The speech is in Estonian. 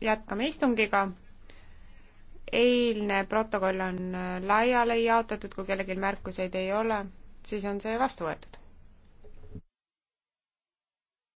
jätkame istungiga. eilne protokoll on äh, laiali jaotatud, kui kellelgi märkuseid ei ole, siis on see vastu võetud.